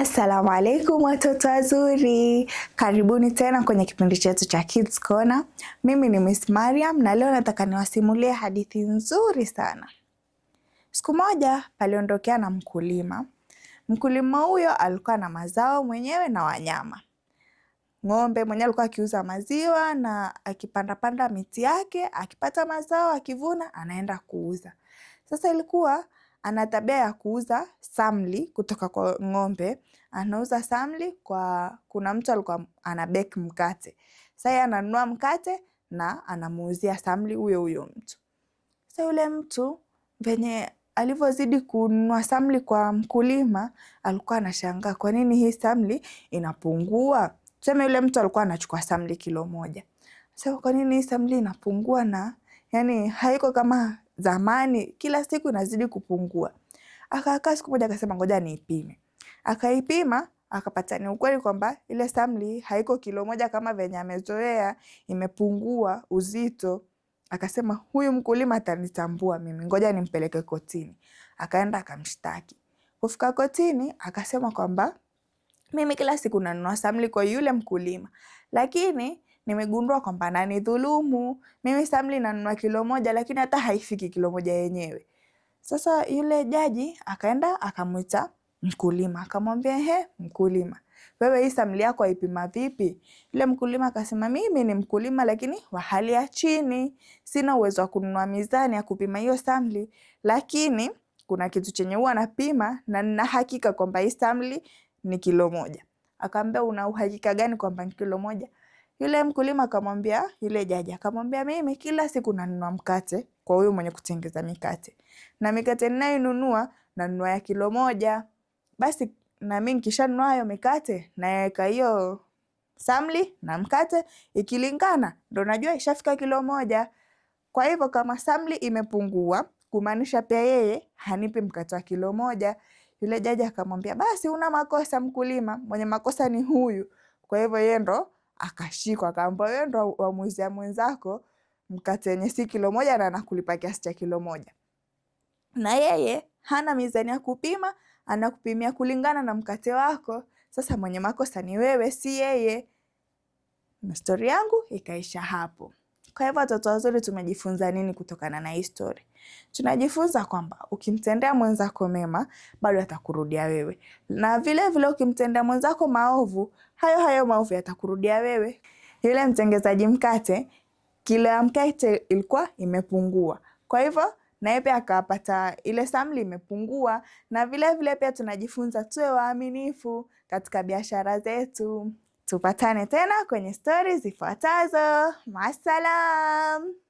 Assalamu alaikum watoto wazuri, karibuni tena kwenye kipindi chetu cha Kids Corner. Mimi ni Miss Mariam na leo nataka niwasimulie hadithi nzuri sana. Siku moja paliondokea na mkulima. Mkulima huyo alikuwa na mazao mwenyewe na wanyama ng'ombe. Mwenyewe alikuwa akiuza maziwa na akipandapanda miti yake, akipata mazao, akivuna anaenda kuuza. Sasa ilikuwa ana tabia ya kuuza samli kutoka kwa ng'ombe. Anauza samli kwa, kuna mtu alikuwa ana bake mkate, sasa yeye ananunua mkate na anamuuzia samli huyo huyo mtu. Sasa yule mtu venye alivyozidi kununua samli kwa mkulima, alikuwa anashangaa kwa nini hii samli inapungua. Tuseme yule mtu alikuwa anachukua samli kilo moja, sasa kwa nini hii samli inapungua na yani haiko kama zamani kila siku inazidi kupungua. Akakaa siku moja akasema ngoja niipime. Akaipima akapata ni ukweli kwamba ile Samli haiko kilo moja kama venye amezoea, imepungua uzito. Akasema huyu mkulima atanitambua mimi, ngoja nimpeleke kotini. Akaenda akamshtaki. Kufika kotini akasema kwamba mimi kila siku nanunua Samli kwa yule mkulima, lakini nimegundua kwamba nanidhulumu mimi. Samli nanunua kilo moja, lakini hata haifiki kilo moja yenyewe. Sasa yule jaji akaenda akamwita mkulima, akamwambia he, mkulima wewe hii samli yako aipima vipi? Yule mkulima akasema, mimi ni mkulima lakini wa hali ya chini, sina uwezo wa kununua mizani ya kupima hiyo samli, lakini kuna kitu chenye huwa napima na nina hakika kwamba hii samli ni kilo moja. Akaambia, una uhakika gani kwamba ni kilo moja? Yule mkulima akamwambia yule jaji, akamwambia mimi kila siku nanunua mkate kwa huyu mwenye kutengeza mikate, na mikate ninayonunua nanunua ya kilo moja. Basi na nami nikishanunua hayo mikate naweka hiyo samli na mkate ikilingana, ndo najua ishafika kilo moja. Kwa hivyo kama samli imepungua, kumaanisha pia yeye hanipi mkate wa kilo moja. Yule jaji akamwambia, basi una makosa mkulima, mwenye makosa ni huyu. Kwa hivyo yeye ndo akashikwa akaambia, wewe ndo wamuuzia mwenzako mkate wenye si kilo moja na anakulipa kiasi cha kilo moja, na yeye hana mizani ya kupima, anakupimia kulingana na mkate wako. Sasa mwenye makosa ni wewe, si yeye. Na stori yangu ikaisha hapo. Kwa hivyo watoto wazuri, tumejifunza nini kutokana na hii stori? Tunajifunza kwamba ukimtendea mwenzako mema bado atakurudia wewe, na vile vile ukimtendea mwenzako maovu, hayo hayo maovu yatakurudia wewe. Yule mtengezaji mkate, kilo ya mkate ilikuwa imepungua, kwa hivyo naye pia akapata ile samli imepungua. Na vilevile vile pia tunajifunza tuwe waaminifu katika biashara zetu. Tupatane tena kwenye stori zifuatazo. Masalam.